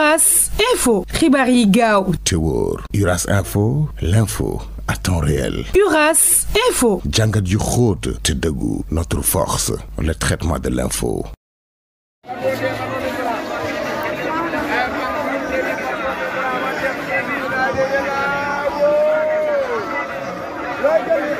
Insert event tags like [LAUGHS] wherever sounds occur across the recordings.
Info Ribari Gao, Uras Info l'info à temps réel Uras Info Djangadju du code te notre force le traitement de l'info [LAUGHS]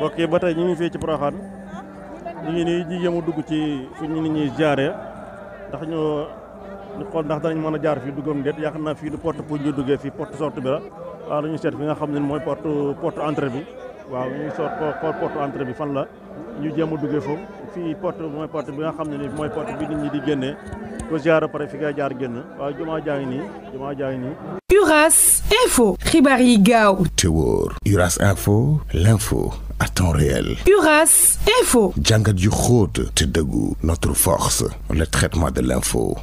Oke, yi ini tey ñu ngi ini ci Porokhane ñu ngi nii ñu jéem a dugg ci fu ñu ñi ndax ñoo ñu xool ndax danañ mën a jaar fii duggam déet yaakaar na fii du porte pour ñu duggee fii porte sortie bi la waaw dañuy seet fi nga xam ne mooy porte porte entrée bi waaw ñuy soot xool porte entrée bi fan la ñu jéem a duggee foofu fii porte mooy porte bi nga xam ne ni mooy porte bi nit ñi di génnee ko ziar pare fi nga jaar génn waaw jumaa jaa ngi nii jumaa jaa ngi nii Uras Info xibaar yi gaaw te wóor Uras Info l'info à temps réel Uras Info jàngat yu xóot te dëggu notre force le traitement